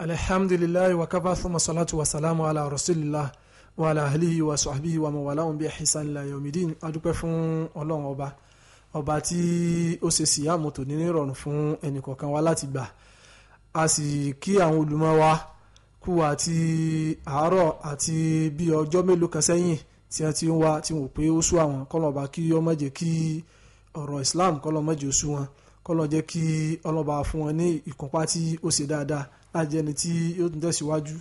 alhamdulilayi wa kafa fún masalatu wa salamu ala rasulillah wa ala alihi wa sahbihi wa mawalahun bi ahisan ila yomidin adúpẹ́ fún Ọlọ́run ọba ọba tí ó ṣe síyàmù tòní nírọ̀rùn fún ẹnìkọ̀ọ̀kan wa láti gbà a sì kí àwọn olùmọ̀ wa kú àti àárọ̀ àti bí ọjọ́ mélòó kan sẹ́yìn tí wọ́n ti ń wá tí wọ́n pé ó sú àwọn kọ́lọ́ọ̀bá kí ó jẹ́ kí ọ̀rọ̀ Islam kọ́lọ́ọ̀ ó sú wọn kọ́lọ́ jẹ́ kí ọlọ́ba fún wọn ní ìkópa tí ó ṣe dáadáa láti jẹ́ ẹni tí yóò tún tẹ̀síwájú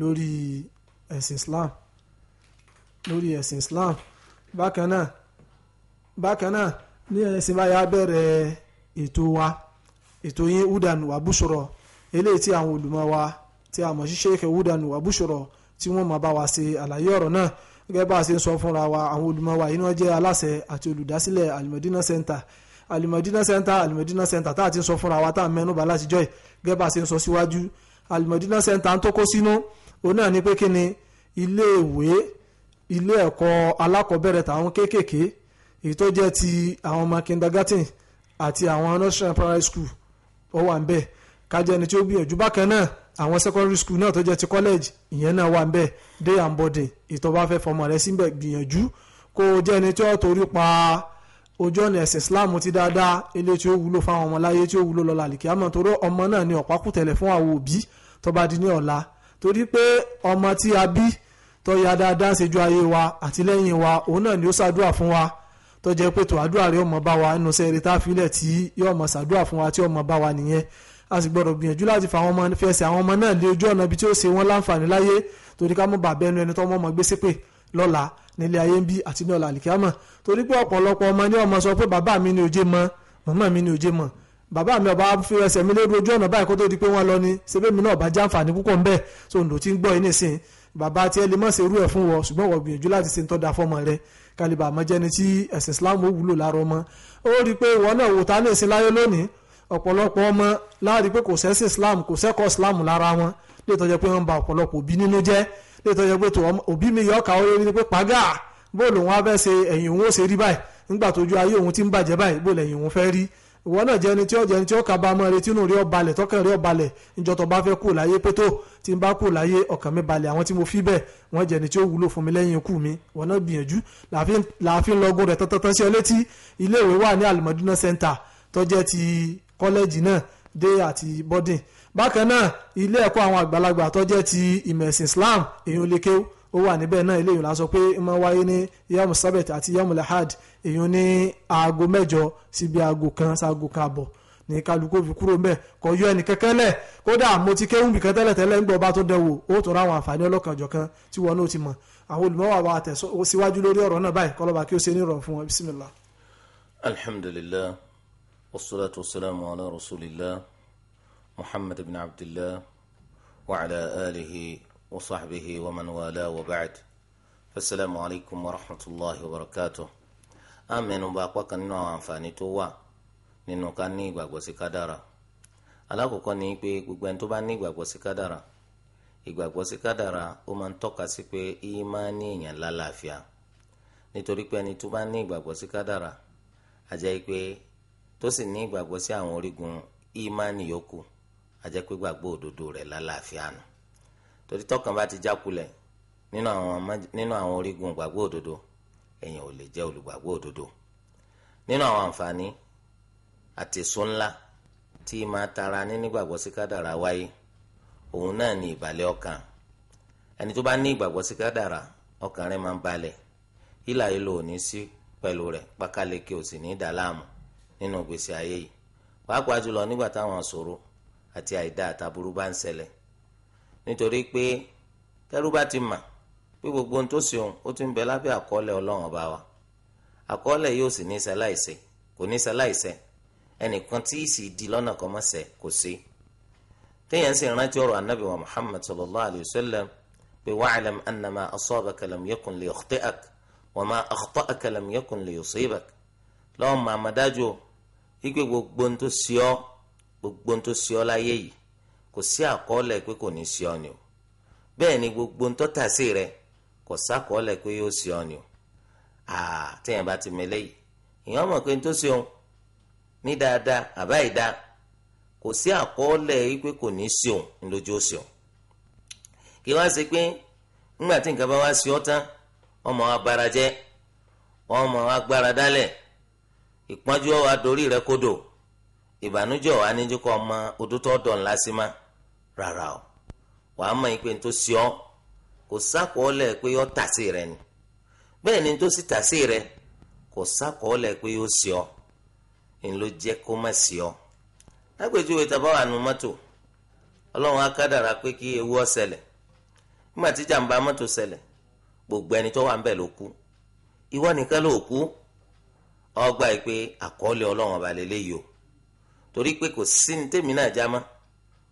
lórí ẹ̀sìn Islam lórí ẹ̀sìn Islam bákan náà bákan náà ní ẹ̀sìn báyà bẹ̀rẹ̀ ètò wa ètò yín udan wàbúṣọrọ eléyìí tí àwọn olùmọ̀ wa tí a mọ̀ sí Sheikh udan wàbúṣọrọ tí wọ́n máa bá wa ṣe àlàyé ọ̀rọ̀ náà gẹ́gẹ́ bá a ṣe ń sọ fúnra wa àwọn olùmọ̀ wa yìí wọ́n jẹ́ aláṣẹ àti olùdásílẹ̀ al Center Alimadina center Alimadina center tá a ti ń sọ fúnra wa tá a mẹ́nubà látijọ́ yìí gẹ́gẹ́ bá a ṣe ń sọ síwájú alimọ̀dínà center tó kó sínú òun náà ni pé kí ni ilé ìwé ilé ẹ̀kọ́ alákọ̀ọ́bẹ̀rẹ̀ tàwọn kéékèèké èyí tó jẹ́ ti àwọn ọmọ kindergarten àti àwọn national primary school ó wà ń bẹ̀ kájẹ́ ẹni tí ó gbìyànjú bákan náà àwọn secondary school náà tó jẹ́ ti college ìyẹn náà wà ń bẹ̀ day and body ìtọ́ bá fẹ́ fọmọ rẹ síbẹ̀ gbìyànjú kó o jẹ́ ẹni tí ó torí pa ojú ọ̀nà ẹ̀sìn islam ti dáadáa ilé tí ó wúlò fáwọn ọmọ láyé tí ó wúlò lọ́la àlìkíyàmọ̀ torí ọmọ náà ni ọ̀pákùtẹ̀lẹ̀ fún àwọn òbí tó bá di ní ọ̀la torí pé ọmọ tí a bí tó ya dáadáa ṣe ju ayé wa àti wa òun náà ni ó ṣàdúrà fún wa tó jẹ́ pé tó àdúrà rẹ̀ ọmọ bá wa nínú sẹ́ẹ̀rẹ́ tá a filẹ̀ tí yóò mọ̀ ṣàdúrà fún wa tí ọmọ bá wa nìyẹn a sì gbọ́dọ̀ gbìyànjú láti fa àwọn ọmọ fẹsẹ̀ àwọn ọmọ náà lé ojú ọ̀nà ibi tí ó ṣe wọ́n láǹfààní láyé torí ká mú bàbá ẹnu ẹni tó ọmọ ọmọ gbé ṣépè lọ́la nílé ayé ń bí àti ní ọ̀la àlìkíámọ̀ torí pé ọ̀pọ̀lọpọ̀ ọmọ ní ọmọ sọ pé bàbá mi ni òjé mọ màmá mi ni òjé mọ bàbá mi ọba fi ẹsẹ̀ mi lórí ojú ọ̀nà báyìí kó tó di pé wọ́n lọ ni ṣebí mi náà bá jàǹfààní púpọ̀ ń bẹ̀ so ǹdò tí ń gbọ́ yín nìsín bàbá tiẹ̀ lè mọ̀ ṣe irú ẹ̀ fún wọ ṣùgbọ́n wọ́n gbìyànjú láti ṣe ń tọ́da fọ́mọ rẹ kálíbà àmọ́jẹ́ni tí ẹ̀sìn Islam ó wúlò lára ọmọ ó rí i pé ìwọ náà wò tá ní ìsìn láyé lónìí ọ̀pọ̀lọpọ̀ ọmọ láàrin pé kò sẹ́sìn Islam kò sẹ́kọ̀ọ́ Islam lára wọn lè tọ́jú pé wọ́n ba ọ̀pọ̀lọpọ̀ òbí nínú jẹ́ létò yẹ pé tó òbí mi yọ ọkà ọyẹ ni pé pàgà bóòlù òun á fẹ́ ṣe ẹ̀yìn òun ó ṣe rí báyìí nígbà tójú ayé òun ti ń bàjẹ́ báyìí bóòlù ẹ̀yìn òun fẹ́ rí ìwọ náà jẹni tí ó jẹni tí ó kà bá mọ retí inú rí ọ balẹ̀ tọkàn rí ọ balẹ̀ níjọ́ bá fẹ́ kú láyé pétó tí n bá kú láyé ọkàn mi balẹ̀ àwọn tí mo fi bẹ́ẹ̀ wọ́n jẹni tí ó wúlò fún mi lẹ́yìn ikú mi ìwọ náà gbìyànjú làáfin lọgùn rẹ̀ tọ́tọ́tọ́ sí ọ létí iléèwé wà ní al Center tó jẹ́ ti kọ́lẹ́jì náà dé àti boarding bákan náà ilé ẹ̀kọ́ àwọn àgbàlagbà tó jẹ́ ti ìmẹ̀sìn Islam èyàn lè kéwú ó wà níbẹ̀ náà eléyìí la sọ pé máa wáyé ní yamu sabet àti yamu lahad èyàn ní aago mẹ́jọ síbi aago kan sáago kan àbọ̀ ní kálukú fi kúrò mbẹ kò yọ ẹnì kankan lẹ kódà mo ti kéwù bìkan tẹ́lẹ̀ tẹ́lẹ̀ ń gbọ́ ọba tó dẹwò ó tó ra àwọn àǹfààní ọlọ́kanjọ̀kan tí wọn náà ti mọ̀ àwọn olùmọ̀wà wa tẹ̀ síwájú lórí ọ̀rọ̀ náà báyìí kọ́lọ́ba kí ó ṣe ní ìrọ̀ fún wọn bisimilah. alhamdulilayi والصلاة والسلام على رسول الله محمد بن عبد الله وعلى آله وصحبه ومن والاه وبعد فالسلام عليكم ورحمة الله وبركاته آمين وباقوك ننو àǹfààní tó wà nínú ká ní ìgbàgbọ́ sí kádàrá alákọ̀ọ́kọ́ ni pé gbogbo ẹni tó bá ní ìgbàgbọ́ sí kádàrá ìgbàgbọ́ sí kádàrá ó máa ń tọ́ka sí pé ìmánì èèyàn lálàáfíà nítorí pé ẹni tó bá ní ìgbàgbọ́ sí kádàrá àjẹ́ pé tó sì ní ìgbàgbọ́ sí àwọn orígun ìmánì yòókù ajẹ́pẹ́ gbàgbọ́ òdodo rẹ̀ lálàáfíà nù torí tọkàn bá ti jákulẹ̀ nínú àwọn orígun ìgbàgbọ́ òdodo èèyàn ò lè jẹ́ olùgbàgbọ́ òdodo nínú àwọn àǹfààní àtẹ̀só ńlá tí máa tara ní nígbàgbọ́ sí kádàrá wáyé òun náà ni ìbàlẹ̀ ọkàn ẹni tó bá ní ìgbàgbọ́ sí kádàrá ọkàn máa ń balẹ̀ ìlà sí pẹ̀lú rẹ̀ pákáleke ò sì nínú gbèsè ayé yìí pàápàá jùlọ nígbà táwọn ṣòro àti àìdá àtàbúrú bá ń ṣẹlẹ̀ nítorí pé tẹ́rú bá ti mà pé gbogbo ohun tó ṣe òun ó ti ń bẹ lábẹ́ àkọọ́lẹ̀ ọlọ́run ọba wa àkọọ́lẹ̀ yóò sì ní ṣaláìṣẹ kò ní ṣaláìṣẹ ẹnìkan tí sì di lọ́nà kan mọ́sẹ̀ kò sí. téèyàn sì rántí ọ̀rọ̀ anábì wa muhammad sallallahu alayhi wa sallam pé wa'lam annama asabaka lam yakun li yakhti'ak wa ma akhtaaka lam yakun li yusibak lọ́wọ́ màmá dájú wípé gbogbo ntọ tó ọ gbogbo ntọ tó sí ọ láyé yìí kò sí àkọọ́lẹ̀ pé kò ní sí ọ ni o bẹ́ẹ̀ ni gbogbo ń tọ́ta sí rẹ kò sákọọ́lẹ̀ pé yóò sí ọ ni o àà téèyàn bá ti mẹ́lẹ́ yìí èèyàn mọ̀ pé ń tó sí ní dáadáa àbá ìdá kò sí àkọọ́lẹ̀ wípé kò ní sí òun ńlójú ó sí òun kí wá ṣe pé ńgbà tí nǹkan bá wá sí ọ tán ọmọ wa bara jẹ́ ọmọ wa gbára dálẹ̀ ìpọ́njú ọ̀wá dorí rẹ kodò ìbànújẹ́ ọ̀wá níjú kọ́ ọmọ odótọ́ dọ̀ ńlá sí rárá o wàá mọ̀ pé tó sí ọ kò sákòólẹ̀ pé ó tàsé rẹ ni bẹ́ẹ̀ ni tó sì tàsé rẹ kò sákòólẹ̀ pé ó sí ọ ń ló jẹ́ kó má sí ọ. lágbèjúwe tàbá wà nù mọ́tò ọlọ́run ewu nígbà tí jàǹbá gbogbo ẹni tó wà ń bẹ̀ ló kú ọgbà yìí pé àkọọ́lẹ̀ ọlọ́run ọba lélẹ́yìí o torí pé kò sí ní tèmi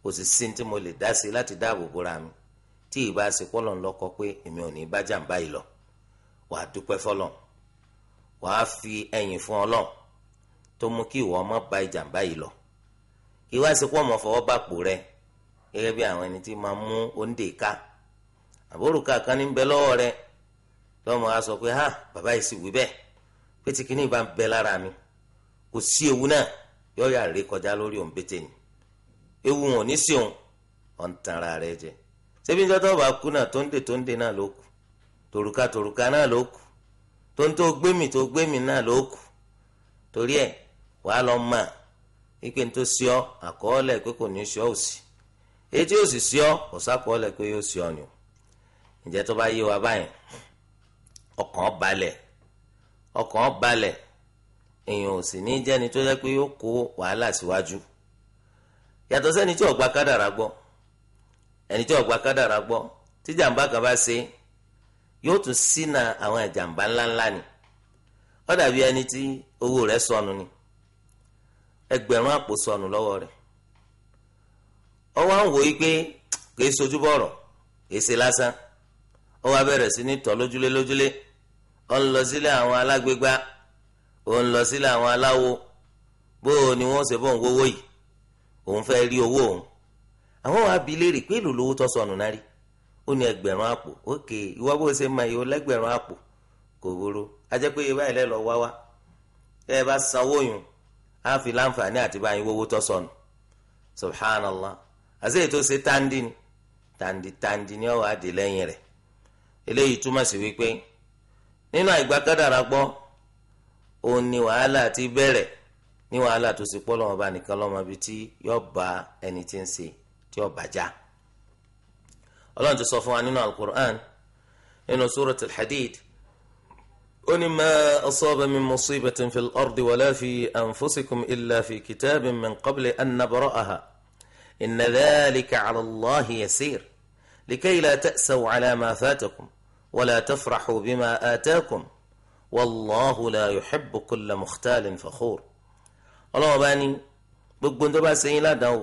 kò sì sí tí mo lè dá sí láti dáàbò bóra mi tí ì bá ṣe pọ́lọ̀ lọ́kọ pé èmi ò ní bá jàǹbá yìí lọ wàá dúpẹ́ wàá fi ẹ̀yìn fún ọlọ́run tó mú kí ọmọ bá lọ kí á sọ pé ha bàbá pé tí bẹ ewu náà yóò yà ré kọjá lórí òǹbété ni ewu wọn ò ní sí òun ọ̀n ara rẹ jẹ ṣebí níjọ́ tó bá kú náà tó ń dè tó ń dè náà ló kù tòrùka tòrùka náà ló kù tó ń tó gbémì tó gbémì náà ló kù torí ẹ wàá lọ mà ike ń tó sí ọ àkọọ́lẹ̀ pé kò ní sí ọ òsì òsì sí ọ pé yóò sí ọ ni tó bá yé wa ọkàn balẹ̀ èèyàn ò sì ní jẹ́ni tó jẹ́ pé yóò kó wàhálà síwájú yàtọ̀ sẹ́ni tí ó gba kádàrá gbọ́ ẹni tí ó gba kádàrá gbọ́ tí jàǹbá kan bá ṣe yóò tún ṣínà àwọn ìjàǹbá ńláńlá ni ó dàbí ẹni tí owó rẹ̀ sọnù ni ẹgbẹ̀rún àpò sọnù lọ́wọ́ rẹ̀ ó wá ń wò yí pé kìí sojú bọ̀rọ̀ kìí ṣe lásán ó wá bẹ̀rẹ̀ sí ní tọ́ lójúlé. lójúlé ó ń lọ sílé àwọn alágbègbà ó ń lọ sílé àwọn aláwo bó o ni wọ́n ṣe bọ̀ ń wówó yìí òun fẹ́ rí owó òun àwọn wàá bi léèrè pé èlò lówó tó sọnù náà rí ó ní ẹgbẹ̀rún àpò ok ìwọ bó ṣe máa yọ lẹ́gbẹ̀rún àpò kò burú a jẹ́ pé ibà ilẹ̀ lọ wá ẹ bá sanwó yùn á fi láǹfààní àti báyìí wọ́wọ́ tó sọnù subhanallah àti èyí tó ṣe tandi ni tandi tandi ni ọ̀wá dé lẹ́yìn rẹ̀ eléyìí túmọ̀ sí wípé nínú àìgbà kádàrá gbọ́ ò ni wàhálà ti bẹ̀rẹ̀ ní wàhálà tó sì pọ́lọ́ ọba nìkan lọ́mọ bíi tí yọ bá ẹni tí ń ṣe tí yóò bá já ọlọ́run ti yo ba eni ti n se ti yo baja olorun ti so fun wa nínú alukur'an nínú surat al-hadid ó ní ma asaba min musibatin ibẹ̀ ardi n fi ọ̀rdì wọlé fi kitabin min qabli an nabra'aha inna dhalika ala allahi yasir likay la ta'saw ala ma fatakum. ولا تفرحوا بما آتاكم والله لا يحب كل مختال فخور ọlọ́wọ́ bá ní gbogbo tó bá ṣe yín ládàáwò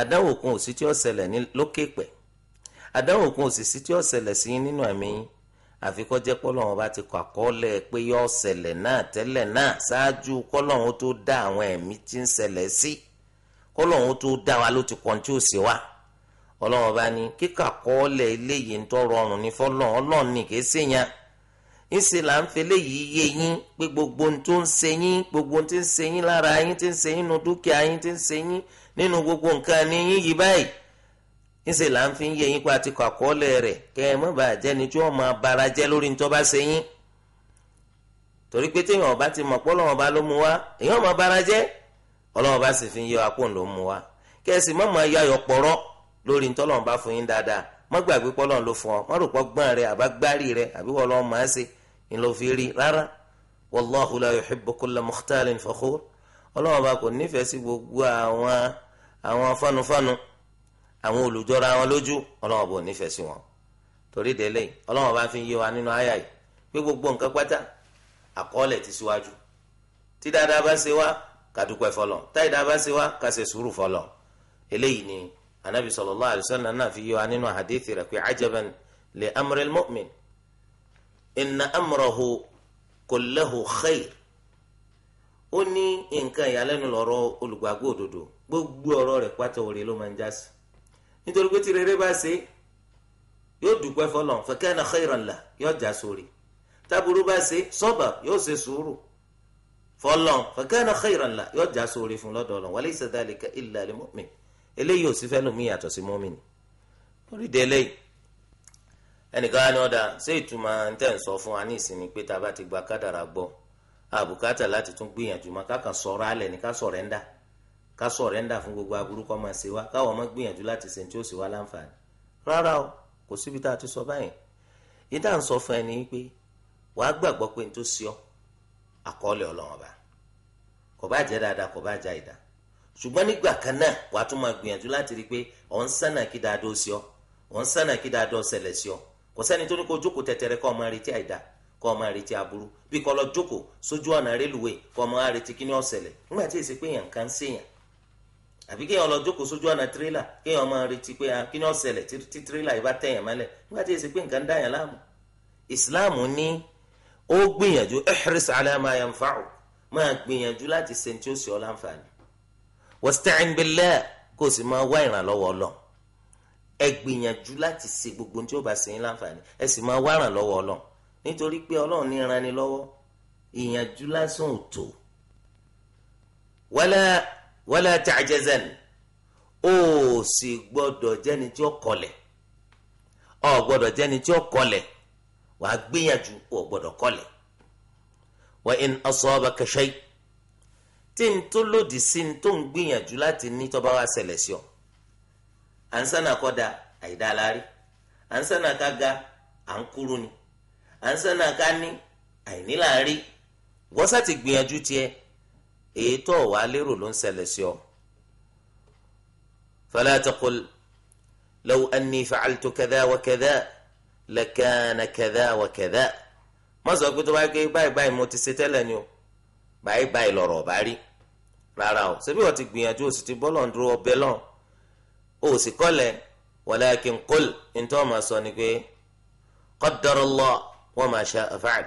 àdáwò kan ò sí tí ó ṣẹlẹ̀ ní lókè pẹ̀ àdáwò kan ò sì sí tí ó ṣẹlẹ̀ sí yín nínú ẹ̀mí yín àfi kó jẹ́ pọ́lọ́wọ́ bá ti kọ àkọọ́lẹ̀ pé yó ṣẹlẹ̀ náà tẹ́lẹ̀ náà ṣáájú kọ́lọ́wọ́ tó dá àwọn ẹ̀mí tí ń ṣẹlẹ̀ sí kọ́lọ́wọ́ tó dá wa ló ti kọ́ ní tí ó ṣe wá ọlọ́run ọba ní kíkà kọ́ọ́lẹ̀ eléyìí ń tọrọ ọrùn ní fọlọ́n ọlọ́run ní kìí ṣe yẹn ńṣe là ń fẹlẹ́ yìí yé yín pé gbogbo ohun tó ń ṣe yín gbogbo ohun tí ń ṣe yín lára yín tí ń ṣe yín nínú dúkìá yín tí ń ṣe yín nínú gbogbo nǹkan ní yín yìí báyìí ńṣe là ń fi yé yín pé àti kọ rẹ̀ kẹ́ ẹ mọ́ bàá jẹ́ni tí wọ́n máa bara jẹ́ lórí tó bá ṣe yín torí pé téèyàn ọba ti mọ̀ pé Ọlọ́run ọba ló mú wa èèyàn máa bara jẹ́ Ọlọ́run ọba sì fi yé wa kó ń lò mú wa kẹ́ ẹ sì mọ́ máa yá yọpọ̀rọ̀ lórí ntọ́lọ́n bá fún yín dáadáa má gbàgbé pọ́lọ́n ló fún ọ má rò pọ́ gbọ́n rẹ àbágbárí rẹ àbí wọ́n lọ́ọ́ máa ṣe ńlọ fi rí rárá wallahu la yuhibbu kulla mukhtalin fakhur ọlọ́wọ́n bá kò nífẹ̀ẹ́ sí gbogbo àwọn àwọn fanufanu àwọn olùjọra wọn lójú ọlọ́wọ́n bò nífẹ̀ẹ́ sí wọn torí délé ọlọ́wọ́n bá fi yé wa nínú àyà yìí pé gbogbo nǹkan pátá àkọọ́lẹ̀ ti síwájú tí dáadáa bá ṣe wá kàdúpẹ́ fọlọ́ táyì dáadáa bá ṣe wá kàṣẹ sùúrù fọlọ́ eléyìí ni anabi sallallahu alayhi wa sallam náà fi yọ anínú hadithi rẹ̀ pé ajaban li amril mu'min inna amrahu kullahu khayr ó ní nǹkan ìyàlẹ́nu lọ́rọ̀ olùgbàgbọ́ òdodo gbogbo ọ̀rọ̀ rẹ̀ pátá òre ló máa ń já sí nítorí pé tí rere bá ṣe yóò dùpẹ́ fọlọ́n fa kana khayran la yóò já sórí táburú bá ṣe sọ́bà yóò ṣe sùúrù fọlọ́n fa kana khayran la yóò já sórí fún lọ́dọọlọ́ wa laysa dhalika illa lil eléyìí ò sí fẹ́ lómi yàtọ̀ sí mọ́mìnì lórí de eléyìí ẹnìkan á ní ọ̀dà ṣé ìtumọ̀ tẹ̀ ń sọ fún wa ní ìsinmi pé tá a bá ti gba kádàrà gbọ́ àbùkátà láti tún gbìyànjú mọ́ kákan sọ̀rọ̀ alẹ̀ ní ká sọ̀rẹ́ńdà ká sọ̀rẹ́ńdà fún gbogbo aburú kọ́ máa ṣe wá káwọn ọmọ gbìyànjú láti ṣe tí ó sì wá láǹfààní rárá o kò síbi tá a ti sọ báyìí yìí tá ń sọ fún ẹ ní pé wàá gbàgbọ́ pé n tó ṣe ọ àkọọ́lẹ̀ ọlọ́wọ́n bá kò bá jẹ́ dáadáa kò bá jẹ́ àìdáa ṣùgbọ́n nígbà kan náà wàá tún máa gbìyànjú láti rí i pé ọ̀ sànà kí dáadọ́ sí ọ ọ̀ ń sànà kí dáadọ́ ṣẹlẹ̀ sí ọ kò sẹ́ni tó ní kó jókòó tẹ̀tẹ̀rẹ̀ kọ́ ọ máa retí àìdá kọ́ ọ máa retí aburú bí kọ́ lọ jókòó sójú ọ̀nà rélùwé kọ́ ọ máa retí kí ni nígbà tí èsì pé èèyàn kan lọ jókòó sójú ọ̀nà máa retí pé ah, kí ni tí yìí bá mọ́lẹ̀ nígbà tí èsì pé nǹkan láàmú. ìsìláàmù ní ó gbìyànjú ala máa gbìyànjú láti wasta'in billah kó o máa wá ìrànlọ́wọ́ si gbogbo tí ó bá ṣe yín láǹfààní ẹ sì máa wá ìrànlọ́wọ́ Ọlọ́run nítorí pé Ọlọ́run ní ran ni lọ́wọ́ ìyànjú lásán ò tó wala wala ta'jazan ó sì gbọdọ tí ọ gbọdọ tí ó wàá gbìyànjú ó in tí n tó lòdì sí n tó ń gbìyànjú láti ní tó bá wá ṣẹlẹ̀ sí ọ. à ń sànà kọ́dà àìdá alárí à ń sànà ká ga à ń kúrú ni à ń sànà ká ní àìní láàrí wọ́n sá ti gbìyànjú tiẹ̀ èyí tó wàá lérò ló ń ṣẹlẹ̀ sí ọ. fala taqul law anni fa'altu kadha wa kadha lakana kadha wa kadha. má sọ pé tó bá gbé báyìí báyìí mo ti ṣe tẹ́lẹ̀ ni o. báyìí lọ̀rọ̀ ọ̀bá rí o ṣebí wọ́n ti gbìyànjú o sì ti bọ́ lọ́n dúró ọbẹ̀ lọ́n o sì kọ́lẹ̀ walakin qul ntọ́ máa sọ ni pé qaddarallahu wa ma sha'a fa'al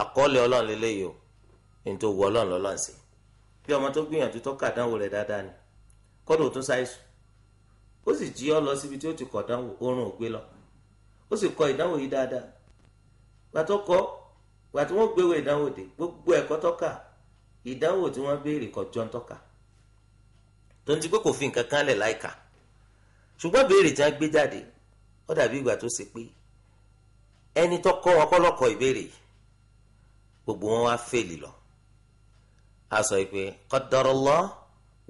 àkọọ́lẹ̀ ọlọ́run lélẹ́yìí o ntọ́ wọ ọlọ́run lọ́lọ́run sí. bí ọmọ tó gbìyànjú tó kà dánwò rẹ̀ dáadáa ni kọ́dọ̀ tó ṣàìsùn ó sì jí ọ lọ síbi tí ti kọ̀ dánwò oorun ò lọ ó sì kọ ìdánwò yìí dáadáa gbàtọ́ kọ́ gbogbo ẹ̀kọ́ tọ́ka ìdánwò tí wọ́n béèrè kọjọ́ tọ́ka tó ń ti pé kò fi nǹkan kan lẹ̀ láìka ṣùgbọ́n béèrè tí wọ́n gbé jáde ó dàbí ìgbà tó ṣe pé ẹni tó kọ́ gbogbo wọn wá fèlì lọ a sọ pé qaddarallah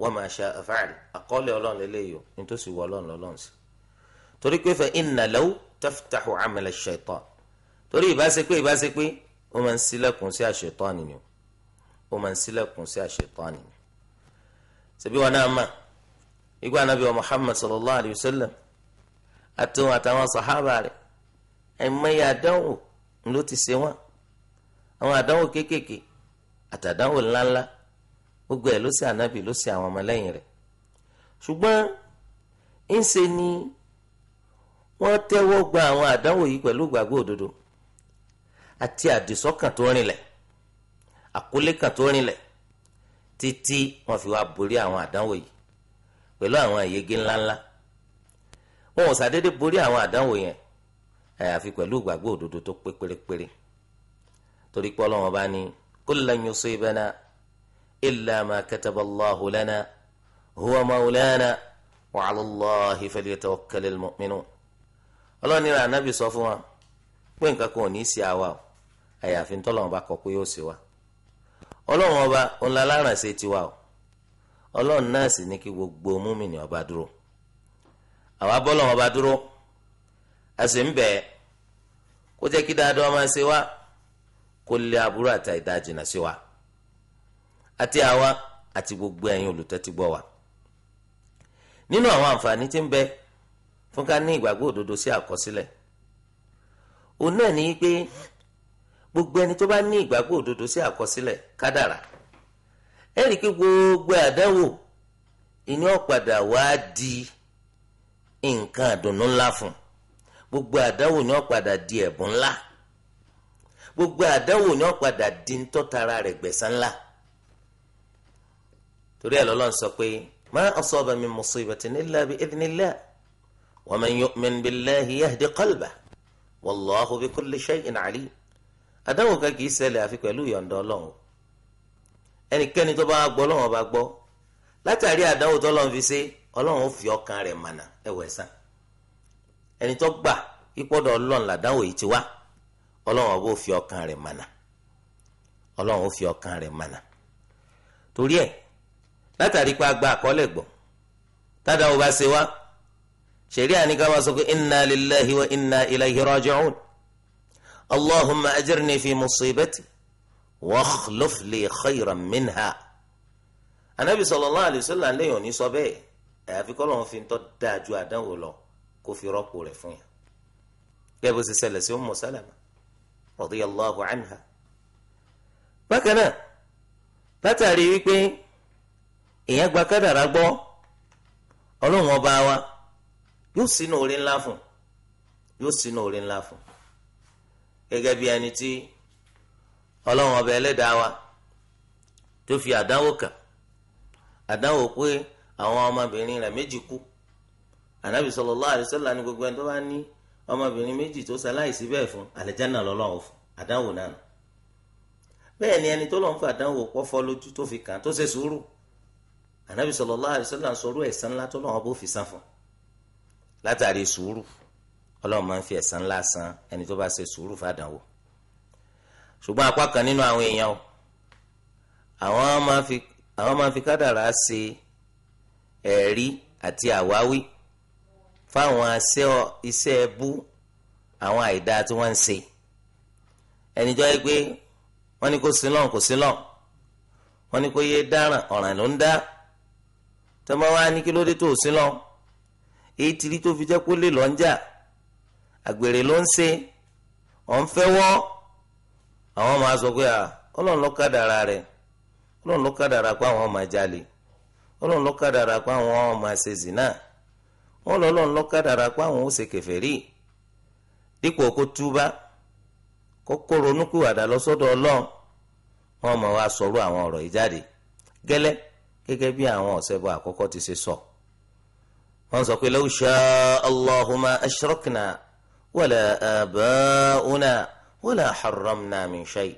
wa ma sha'a fa'al àkọọ́lẹ̀ ọlọ́run o ní tó sì wọ ọlọ́run lọ́lọ́run sí torí pé amala shaitan torí ìbáṣepé ìbáṣepé wọ́n máa ń ṣílẹ̀kùn sí nìyẹn ó máa ń sílẹ̀kùn sí àṣetánì ṣebí wa náà mà igbá anabi wa muhammad sallallahu alayhi wa sallam àtòun àtàwọn sàhábà rẹ̀ ẹ̀mẹ́yà àdánwò ló ti ṣe wọ́n gbogbo ẹ̀ ló ṣe ànábì ló ṣe àwọn ọmọlẹ́yìn rẹ̀ ṣùgbọ́n ń ni wọ́n tẹ́wọ́ gba àwọn àdánwò yìí pẹ̀lú a òdodo àti àdìsọ́kàn tó rinlẹ̀ àkólé kan tó rinlẹ̀ títí wọ́n fi wá borí àwọn àdánwò yìí pẹ̀lú àwọn ìyege ńláńlá wọn ò sàdédé borí àwọn àdánwò yẹn àyàfi pẹ̀lú ìgbàgbọ́ òdodo tó pé pérépéré torí pé ọlọ́wọ́n bá ní kullan yusibana illa ma kataba Allahu lana huwa maulana wa ala Allahi falyatawakkalil mu'minun ọlọ́ni rà ànábì sọ fún wa pé nǹkan kan ò ní í ṣe àwa o àyàfi ntọ́lọ́wọ́n bá kọ pé yóò ṣe wa. ọlọ́run ọba ọ̀la tiwa o ọlọ́run náà sì ní kí gbogbo múmìnì ọba dúró àwa bọ́lọ́run ọba dúró a sì ń bẹ̀ kó jẹ́ kí dáadáa máa ṣe wá kó lé aburú àti àìdájìnà àti gbogbo ẹ̀yin olùtẹ́tígbọ́ wa nínú àwọn àǹfààní tí ń bẹ ní ìgbàgbọ́ òdodo gbogbo ẹni tó bá ní ìgbàgbọ́ òdodo sí àkọsílẹ̀ kádàrà ẹ rí i pé gbogbo àdánwò ìní ọ̀padà wá di nǹkan àdùnnú ńlá fún gbogbo àdánwò ní ọ̀padà di ẹ̀bùn ńlá gbogbo àdánwò ní ọ̀padà di ńtọ́tara rẹ̀ gbẹ̀san ńlá torí ẹ̀ lọ́lọ́run sọ pé ma asaba min musibatin illa bi idhnillah wa man yu'min billahi yahdi qalbah wallahu bi kulli shay'in àdáwò kan kì í ṣẹlẹ̀ àfi pẹ̀lú ìyọ̀ǹda ọlọ́run ẹnikẹ́ni tó bá gbọ́ ọlọ́run bá gbọ́ látàrí àdáwò tó lọ́n fi ṣe ọlọ́run fi ọkàn rẹ̀ mànà ẹ̀wẹ̀ sàn ẹni tó gbà ìpọ́dọ̀ ọlọ́run yìí ti wá fi ọkàn rẹ̀ mànà ọlọ́run ó fi ọkàn rẹ̀ mànà torí ẹ̀ látàrí pé a gba àkọọ́lẹ̀ gbọ́ tádàwò bá ṣe wá sọ pé inna allahumma ajirni fi musibati wakhluf li khayran minha anabi sallallahu alayhi wa sallam lẹ́yìn òní sọ bẹ́ẹ̀ àyàfi kọ́ lọ́wọ́ fi ń tọ́ dáa ju àdánwò lọ kó fi rọ́pò rẹ̀ fún yà gẹ́gẹ́ bó ṣe ṣẹlẹ̀ sí Ummu Salama radiyallahu anha bákan náà látàrí wípé èèyàn gba kádàrá gbọ́ ọlọ́run ọba wa yóò sínú orí ńlá fún yóò sínú orí ńlá fún gẹ́gẹ́ bí ẹni tí ọlọ́run ọba ẹlẹ́dàá wa tó fi àdánwò kàn àdánwò pé àwọn ọmọbìnrin rẹ̀ méjì kú ànábì sọlọ alaihi wasallam ní gbogbo ẹni tó bá ní ọmọbìnrin méjì tó ṣaláìsí bẹ́ẹ̀ fún àlẹ́jánà lọ́lọ́run fún àdánwò náà ni ẹni tó lọ́n fún àdánwò pọ́fọ́ lójú tó fi kàn tó ṣe sùúrù fún látàrí sùúrù ọlọ́run máa ń fi ẹ̀san ńlá san ẹni tó bá ṣe sùúrù fàdánwò ṣùgbọ́n apá kan nínú àwọn èèyàn o àwọn máa ń fi kádàrá ṣe ẹ̀rí àti àwáwí fáwọn iṣẹ́ ẹbú àwọn àìdá tí wọ́n ń ṣe ẹni jọ́ pé wọ́n ní kó sílọ̀n kó sílọ̀n wọ́n ní kó yé dáràn ọ̀ràn ló ń dá tọ́mọ́ wa ní kí ló dé tó sílọ̀n èyí tìrí tó fi jẹ́ kó lè lọ́njà. agbere ló ń ṣe ọ̀ ń fẹ́ wọ́ àwọn sọ pé ọlọ́run ló kádàrà rẹ̀ ọlọ́run ló kádàrà pé àwọn máa jalè ọlọ́run ló kádàrà pé àwọn máa lọ ọlọ́run ló kádàrà pé àwọn ó ṣe kèfèrí dípò kó túbá kókó ronúkúwàdà lọ́sọ́dọ̀ ọlọ́run wọn máa wá sọ̀rọ̀ àwọn ọ̀rọ̀ yìí jáde gẹ́lẹ́ gẹ́gẹ́ bí àwọn ọ̀sẹ̀bọ̀ àkọ́kọ́ ti sọ wọ́n sọ pé wala abauna wala harramna min shay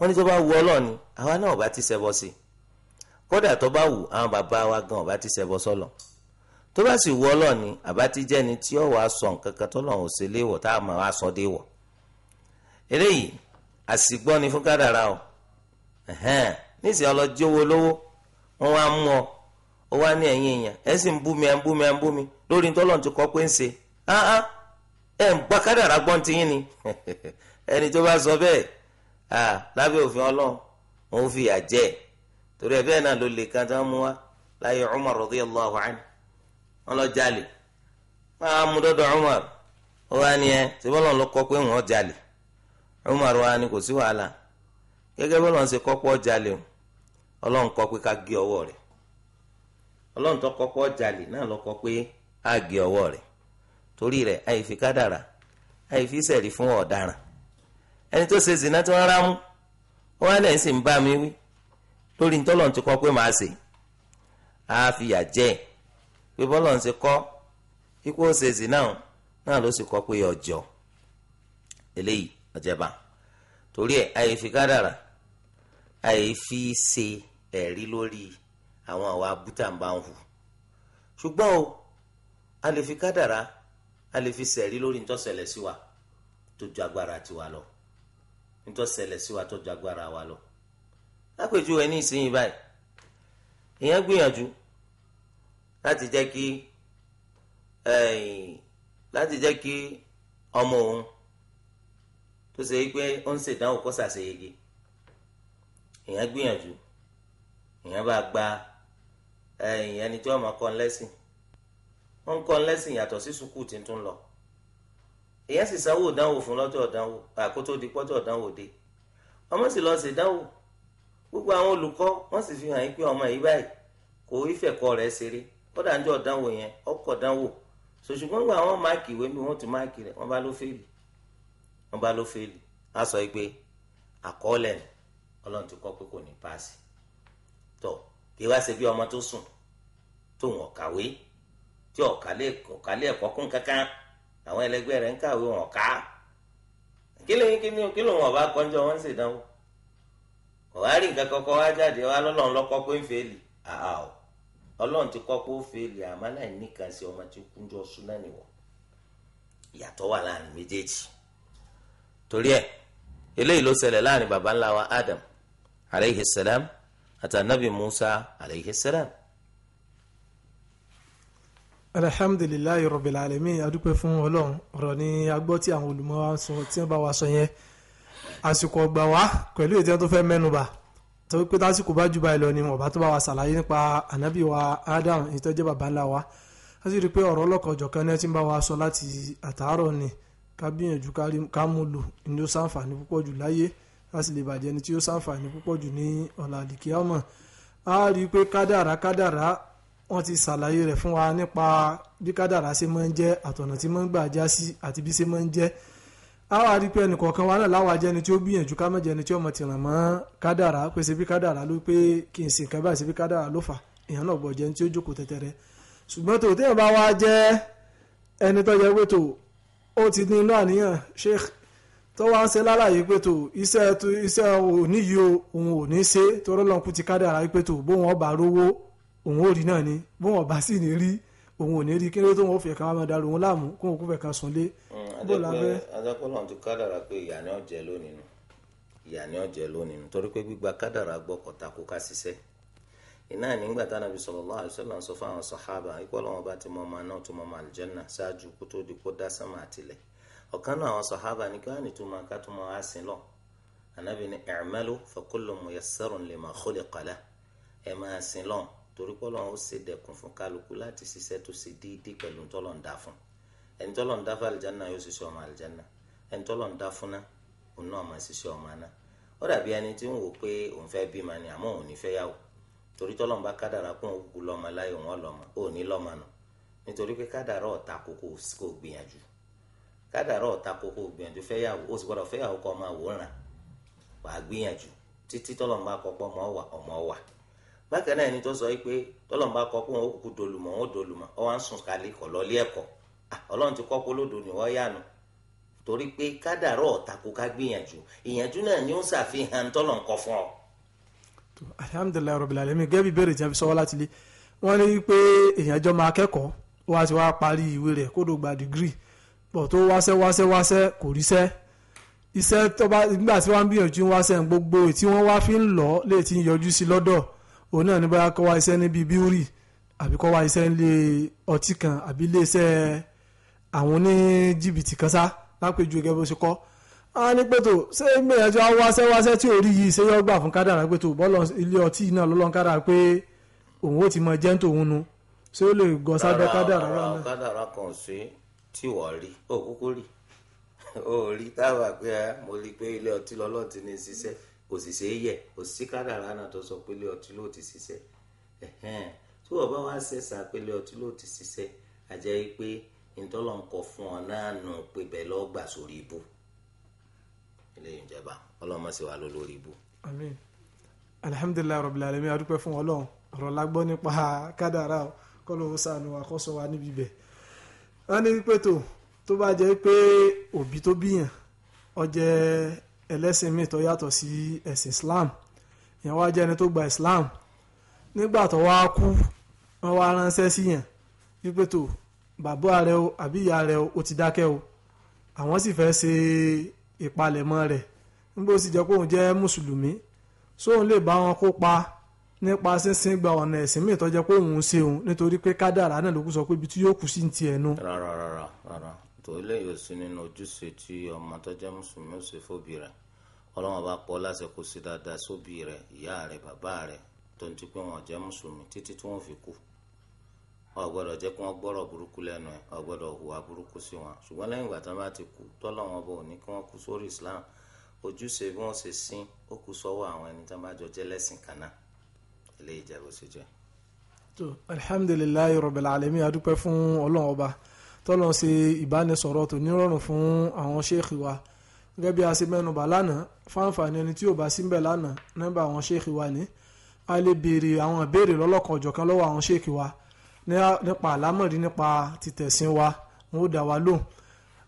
wọ́n ní tó bá wù ọlọ́ọ̀ni àwa náà ọba ti ṣẹbọ sí kódà tó bá wù àwọn bàbá wa gan ọba ti ṣẹbọ sọ́lọ̀ tó bá sì wù ọlọ́ọ̀ni àbá ti jẹ́ ni tí ó wàá sọ nǹkan kan tó lọ́wọ́ ṣe léwọ̀ tá a máa wá sọ déwọ̀ eléyìí àsìgbọ́ ni fún kádàrá o níṣẹ́ ọlọ́jọ́ owó lówó wọ́n wá mú ọ ó wá ní ẹ̀yìn èèyàn ẹ̀ sì ń bú mi ẹ̀ ń bú mi ẹ̀ ń bú mi lórí ntọ́lọ́ọ̀tì kọ́ pé ń ṣe áá ẹ̀ ń gbọ́ kádàrá gbọ́n ti yín ni ẹni tó bá sọ bẹ́ẹ̀ lábẹ́ òfin ọlọ́run òun fi yà torí ẹ bẹ́ẹ̀ náà ló lè kan tán mú wa láyé Umar radiyallahu anhu wọn lọ máa mú dọ́dọ̀ Umar ó wá ní ẹ tí bọ́lọ̀ ló kọ́ pé wọ́n wá ní kò sí torí rẹ̀ àìfi kádàrà àìfi sẹ̀rí fún ọ̀daràn ẹni tó ṣe zina tí wọ́n rá mú wọ́n á lẹ́yìn sì ń bá mi wí lórí ntọ́lọ̀ ti kọ́ pé màá ṣe á fi yà jẹ́ ẹ̀ pé bọ́lọ̀ ń ṣe kọ́ ikú ó ṣe zina o náà ló sì kọ́ pé ọjọ́ eléyìí ọjẹba torí ẹ̀ àìfi kádàrà àìfi ṣe ẹ̀rí lórí àwọn àwa abúta ń bá ń hù ṣùgbọ́n o a lè fi kádàrà a lè fi sẹ̀rí lórí ntọ́sẹ̀lẹ̀ sí wa tó ju agbára tiwa lọ ntọ́sẹ̀lẹ̀ sí wa tó ju agbára wa lọ. lápèjúwe ní ìsinyìí báyìí ìyẹn gbìyànjú láti jẹ́ kí láti jẹ́ kí ọmọ òun tó ṣe pé ó ń ṣèdánwò kó ṣàṣeyege ìyẹn gbìyànjú ìyẹn bá gba ẹni tí wọ́n máa kọ́ ń lẹ́sìn wọ́n ń kọ́ lẹ́sìn yàtọ̀ sí sùkúù tí ń tún lọ èèyàn sì sanwó ìdánwò fún lọ́jọ́ ìdánwò àkótó di pọ́jọ́ ìdánwò dé ọmọ sì lọ sí ìdánwò gbogbo àwọn olùkọ́ wọ́n sì fi hàn yín pé ọmọ yìí báyìí kò ìfẹ̀kọ́ rẹ̀ ṣeré kódà ń jọ ìdánwò yẹn ọkọ̀ ìdánwò ṣùgbọ́n gba àwọn máàkì ìwé mi wọ́n ti máàkì rẹ̀ wọ́n bá ló fèlì wọ́n bá ló fèlì á sọ pé àkọọ́lẹ̀ ni ọlọ́run ti kọ́ pé kò ní páàsì tó kí wá ṣe bí ọmọ tó sùn tóun ọ̀kàwé tí ọ̀kálẹ̀ ẹ̀kọ́ kún kankan àwọn ẹlẹgbẹ́ rẹ̀ ń kàwé wọn ká ọba kọjọ wọn ń ṣèdánwò si rí nǹkan kọ́kọ́ wá jáde wá lọ́lọ́run lọ́kọ́ pé ń fèèlì àà ọlọ́run ti kọ́ pé ó fèèlì àmọ́ láì níkan sí ọmọ nìwọ̀ ìyàtọ̀ wà láàrin méjèèjì torí eléyìí baba Adam aleyhi Musa aleyhi alhamdulilayi rabbil alamin adúpẹ́ fún ọlọ́run ọ̀rọ̀ ni agbọ́ tí àwọn olùmọ̀ wa ń sọ tí wọ́n bá wa sọ yẹn àsìkò ọgbà wa pẹ̀lú ètò tó fẹ́ mẹ́nuba tó pé tásìkò bá jù báyìí lọ ni ọba tó bá wa ṣàlàyé nípa ànábì wa adam èyí tó ńlá wa a sì rí i pé ọ̀rọ̀ ọlọ́kọ̀ọ̀jọ̀kan náà ti ń bá wa sọ láti àtàárọ̀ ni ká gbìyànjú ká ní ó sàǹfààní púpọ̀ jù láyé a sì lè bàjẹ́ ni tí ó sàǹfààní púpọ̀ jù ní ọ̀làdìkíámọ̀ a rí i pé kádàrá kádàrá wọ́n ti ṣàlàyé rẹ̀ fún wa nípa bí kádàrá ṣe máa ń jẹ́ àtọ̀nà tí máa ń gbà já sí àti bí ṣe máa ń jẹ́ àwa rí pé ẹnìkọ̀ọ̀kan wa náà láwa jẹ́ni tí ó gbìyànjú ká má jẹ́ni tí ọmọ ti ràn mọ́ kádàrá pé ṣe bí kádàrá ló pé kí n sì nǹkan ṣe bí kádàrá ló fà èèyàn náà gbọ́ jẹ́ni tí ó jókòó tẹ́tẹ́rẹ́ ṣùgbọ́n tòótọ́ èèyàn bá wá jẹ́ ẹni tó yẹ pé ó ti ní inú àníyàn sheikh tó wá ń ṣe lálàyé pé tò iṣẹ́ òní yìí òun ò ní ṣe torí lọ́nkú òun ò rí náà ni bí wọn bá sì ní rí òun ò ní rí kéré tó wọn ò fẹ́ kan wọn máa darú òun láàmú kó wọn kó fẹ́ kan sùn lé. Mm, adẹ́kọ̀lọ́ ti kádàrà pé ìyà ni ó jẹ lónìí nù ìyà ni ó jẹ lónìí nù torí pé gbígba kádàrà gbọ́ kọ̀tà kó ká ṣiṣẹ́ iná nígbà tá nàbì sallallahu alaihi wasallam sọ fún àwọn sàhábà ìpọlọ wọn bá ti mọ ọmọ náà tó mọ ọmọ àlùjànnà ṣáájú kó tó di kó dá sánmà ọ̀kan náà àwọn sàhábà ní kí wọn ní túmọ̀ ká túmọ̀ á sìn lọ ànábì ní i'malu fa kullu muyassarun lima khuliqa lah ẹ máa sìn lọ́n torí pọ́lọ́run ó ṣe dẹ̀kùn fún kálukú láti ṣiṣẹ́ tó ṣe déédéé pẹ̀lú tọ́lọ́run dá fún ẹni tọ́lọ́run dá fún àlìjáná yóò ṣiṣẹ́ ọmọ àlìjáná ẹni tọ́lọ́run dá fún náà òun náà máa ṣiṣẹ́ ọmọ náà ó dàbí ẹni tí ń wò pé òun fẹ́ bímọ ni àmọ́ òun ní fẹ́ yàwó torí tọ́lọ́run bá kádàrá kún òkú lọ́mọ láyé òun ọlọ́mọ ó ní lọ́mọ nù nítorí pé kádàrá ọ̀tá bákan náà ẹni tó sọ pé tọ́lọ̀ ń bá kọ́ kóun ó kúkú dolùmọ̀ ó dolùmọ̀ ó wá ń sùn kálí kọ̀ lọ́lé ẹ̀kọ́ ọlọ́run ti kọ́ polódo ni wọ́n yànnà torí pé kádàárọ̀ ọ̀tàkù ká gbìyànjú ìyànjú náà ni ó ń ṣàfihàn tọ́lọ̀ ń kọ́ fún ọ. alhamdulilayi rabbil alamin gẹ́gẹ́ bí béèrè tí a fi sọ wá láti lé wọ́n ní pé èèyàn jọ máa kẹ́kọ̀ọ́ wá ti wá parí ìwé rẹ̀ kódò gba dìgírì pọ̀ tó wáṣẹ́ wáṣẹ́ wáṣẹ́ kò ríṣẹ́ iṣẹ́ tó nígbà tí wọ́n ń gbìyànjú wáṣẹ́ gbogbo tí wọ́n wá fi ń lọ lè ti yọjú sí lọ́dọ̀ òun náà ní bóyá kọ́ wá iṣẹ́ níbi bíórì àbí kọ́ wá iṣẹ́ nílé ọtí kan àbí iléeṣẹ́ àwọn oní jìbìtì kan sá lápèjú gẹ́gẹ́ bó ṣe kọ́ a ní pẹ̀tò ṣé gbìyànjú á wáṣẹ́ wáṣẹ́ tí ò rí yìí ṣé yọ gbà fún kádàrá pẹ̀tò bọ́ọ̀lù ilé ọtí náà lọ́lọ́ kádàrá pé òun ó ti mọ jẹ́ ń tòun nu ṣé ó lè gọ sábẹ́ kádàrá wà náà. kádàrá kan ṣe tí wọ́n rí òkúkú rí òórí táwa pé mo rí pé ilé ọtí lọ́lọ́ ti ní ṣiṣẹ́ osise yẹ òṣìṣẹ́ kádàrá náà tó sọ pélé ọtí ló ti ṣiṣẹ́ tí wọ́n bá wá ṣẹ̀ṣà pélé ọtí ló ti ṣiṣẹ́ àjẹ́ pé ntọ́lọ̀ ń fún ọ náà nù pé bẹ́ẹ̀ lọ́ọ́ gbà sórí ibú eléyìí ń jẹba ọlọ́mọ sì wà lórí ibú. àmín alihamudulilayi rabil alamin adúpẹ́ fún ọlọrun ọrọ la gbọ́ nípa kádàrá kọlọ ó sànù àkọsọ wa níbi bẹ wọn ní pé tó tó bá jẹ́ pé òbí tó bíyàn ọ jẹ́ ẹlẹ́sìn míì tó yàtọ̀ sí ẹ̀sìn Islam ìyẹn wá jẹ́ ẹni tó gba Islam nígbà tó wá kú wọ́n wá ránṣẹ́ sí yẹn wípé tó bàbá rẹ o àbí ìyá rẹ o ó ti dákẹ́ o àwọn sì fẹ́ ṣe ìpalẹ̀mọ́ rẹ̀ nígbà ó sì jẹ́ pé òun jẹ́ mùsùlùmí sóun lè bá wọn kópa nípa sínsín gba ọ̀nà ẹ̀sìn míì tó jẹ́ pé òun ń ṣe òun nítorí pé kádàrá náà ló kú sọ pé ibi tí yóò kú sí ti ẹ̀ nu tó eléyìí ò sí nínú ojúṣe tí ọmọ tó jẹ́ mùsùlùmí ó ṣe fóbi rẹ̀ ọlọ́wọ́n bá pọ̀ láṣẹ kó ṣe dáadáa sóbi rẹ̀ ìyá rẹ̀ bàbá rẹ̀ tó ń ti pé wọn jẹ́ mùsùlùmí títí tí wọ́n fi kú ó gbọ́dọ̀ jẹ́ kí wọ́n gbọ́rọ̀ burúkú lẹ́nu ẹ̀ ó gbọ́dọ̀ hùwà burúkú sí wọn ṣùgbọ́n lẹ́yìn ìgbà tí wọ́n bá ti kú tọ́lọ́wọ́n bò ní kí wọ́n kú sórí Islam ojúṣe bí wọ́n ṣe sin ó kú sọ́wọ́ àwọn ẹni tí wọ́n bá jọ jẹ́ lẹ́sìn kan eléyìí jẹ́ bó ṣe jẹ́. alhamdulilayi rabbil alamin adúpẹ́ fún ọlọ́run ọba tọ́lọ́ ṣe ìbánisọ̀rọ̀ tó nírọ̀rùn fún àwọn ṣéèkì wa gẹ́gẹ́ bí a ṣe mẹ́nubà lánàá fáǹfààní ẹni tí ò bá síbẹ̀ lánàá nọ́mbà àwọn ṣéèkì wa ni a lè béèrè àwọn ìbéèrè lọ́lọ́kan ọ̀jọ̀kan lọ́wọ́ àwọn ṣéèkì wa nípa àlámọ̀rí nípa títẹ̀sìn wa wọn ó dá wa lóhùn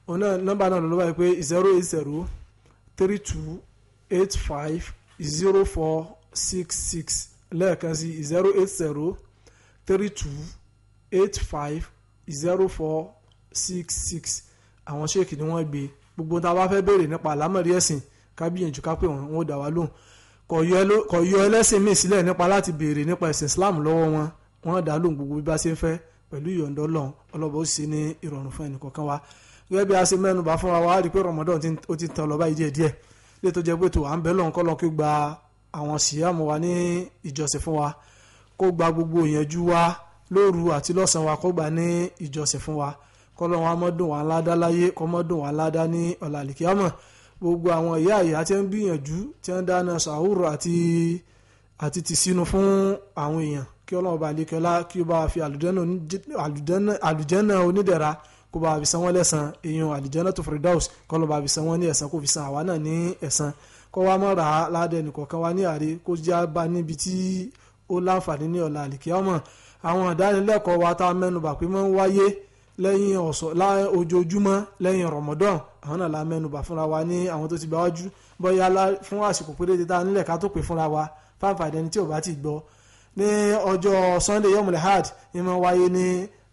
òun náà nọ́mbà náà lọ́wọ́ báyìí pé zero eight zero three two eight five zero four six six lẹ́ẹ̀kan sí zero eight zero three two eight five zero four six six àwọn sheik ni wọ́n gbé gbogbo tá a bá fẹ́ béèrè nípa àlámọ̀rí ẹ̀sìn kábíyànjú ká pè wọ́n wọ́n dá wa lóhùn kò yọ ẹlẹ́sìn míì sílẹ̀ nípa láti béèrè nípa ẹ̀sìn Islam lọ́wọ́ wọn wọ́n dá lóhùn gbogbo bí bá ṣe ń fẹ́ pẹ̀lú ìyọ̀ǹda Ọlọ́run ọlọ́ba ó sì ní ìrọ̀rùn fún ẹnìkọ̀ọ̀kan wa gẹ́gẹ́ bí a ṣe mẹ́nubà fún wa wá rí i pé Ramadan ó ti tán lọ báyìí díẹ̀ díẹ̀ lè tó jẹ́ pé tó à ń bẹ́ lọ́n kọ́ kí gba àwọn síyàmù wa ní ìjọsìn fún wa kó gba gbogbo ìyànjú wa lóru àti lọ́sàn wa kó gba ní ìjọsìn fún wa kọ́lọ́ wọn amọ́dún wọn aládá láyé kọ́mọ́dún wọn aládá ní ọ̀là àlìkíyàmọ̀ gbogbo àwọn ìyá àyà tí ń gbìyànjú tí ń dáná sàhúrò àti àti ti sínú fún àwọn èèyàn kí ọlọ́run bá lékọ́lá kí ó bá fi àlùjẹ́nà onídẹ̀ra kó bá fi san wọ́n lẹ́san èèyàn àlùjẹ́nà tó Firdaus kọ́lọ́ bá fi san wọ́n ní ẹ̀san kó fi san àwa náà ní ẹ̀san kọ́ wa mọ̀ rà á ládẹ́ nìkọ̀ọ̀kan wa ní àárẹ̀ kó já bá níbi tí ó láǹfààní ní ọ̀la àlìkíyàmọ̀ àwọn ìdánilẹ́kọ̀ọ́ wa tá a mẹ́nubà pé máa ń wáyé lẹ́yìn ọ̀sọ̀ ojoojúmọ́ lẹ́yìn Ramadan àwọn náà la mẹ́nubà fúnra wa ní àwọn tó ti gbà wájú bóyá fún àsìkò péréte tá a nílẹ̀ ká tó pè fúnra wa fáfàdé ẹni tí ò bá ti gbọ́ ní ọjọ́ Sunday yom lehad ni mo wáyé ní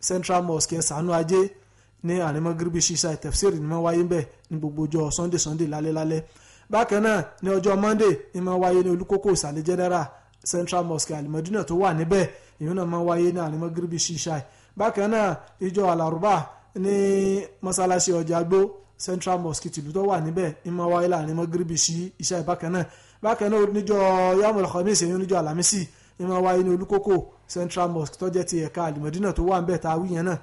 Central Mosque sanu ajé ní àrímọ́ gíríbì ṣíṣà tẹ̀fsírì ni mo wáyé ń bẹ̀ ní gbogbo ọjọ́ Sunday Sunday lálẹ́ lálẹ́ bákan náà ní ọjọ́ Monday ni mo wáyé ní olúkókò ìsàlẹ̀ general Central Mosque alimọ̀dínà tó wà níbẹ̀ ìyún náà mo wáyé ní àrímọ́ gíríbì ṣíṣà bákan náà ìjọ alárùbá ní mọ́sálásí ọjà gbó central mosque tìlú tó wà níbẹ̀ ìmọ̀ wáyé láàrin mọ́gíríbì sí iṣẹ́ bákan náà bákan náà níjọ yamul khamis èyí níjọ alamisi ìmọ̀ wáyé ní olúkókò central mosque tó jẹ́ ti ẹ̀ka àlìmọ̀dínà tó wà níbẹ̀ tá a wí yẹn náà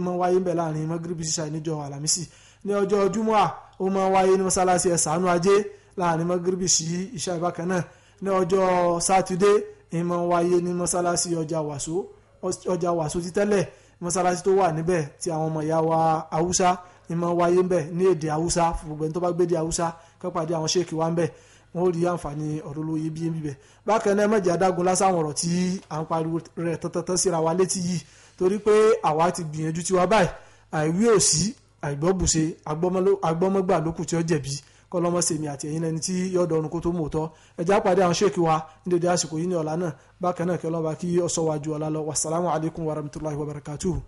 ìmọ̀ wáyé níbẹ̀ láàrin mọ́gíríbì sí iṣẹ́ níjọ alamisi ní ọjọ́ júmọ́ à ó máa wáyé ní mọ́sálásí ẹ̀sánú ajé láàrin mọ́gíríbì sí iṣẹ́ bákan náà ní ọjọ́ sátidé ìmọ̀ wáyé ní mọ́sálásí ọjà wàsó ọjà wàsó ti tẹ́lẹ̀ mọ́sálásí tó wà níbẹ̀ tí àwọn ọmọ ìyá wa haúsá ni máa wáyé ńbẹ̀ ní èdè haúsá gbogbo ẹni tó bá gbédè haúsá kápàdé àwọn ṣéèkì wa ńbẹ̀ wọn rí àǹfààní ọ̀rọ̀ olóye bí ebi bẹ̀. bákan náà mẹ́jẹ̀ adágún lásán ọ̀rọ̀ tí à ń pariwo rẹ̀ tọ́tọ́tọ́ síra wa létí yìí torí pé àwa ti gbìyànjú tiwa báyìí àìwí òsì àìgbọ́bùṣe agbọ́mọgbà lókù tí kọlọmọsèmi àti ẹ̀yin lẹni tí yọ dọ̀run kó tó mọ̀ tọ́ ẹ̀já pàdé àwọn ṣèkì wa ní dédé àsìkò yìí ní ọ̀la náà bákan náà kí ọlọ́ba kí ọ sọ wájú ọ̀la lọ wàsálàmù alaykum wa rahmatulahi wa barakatuhu.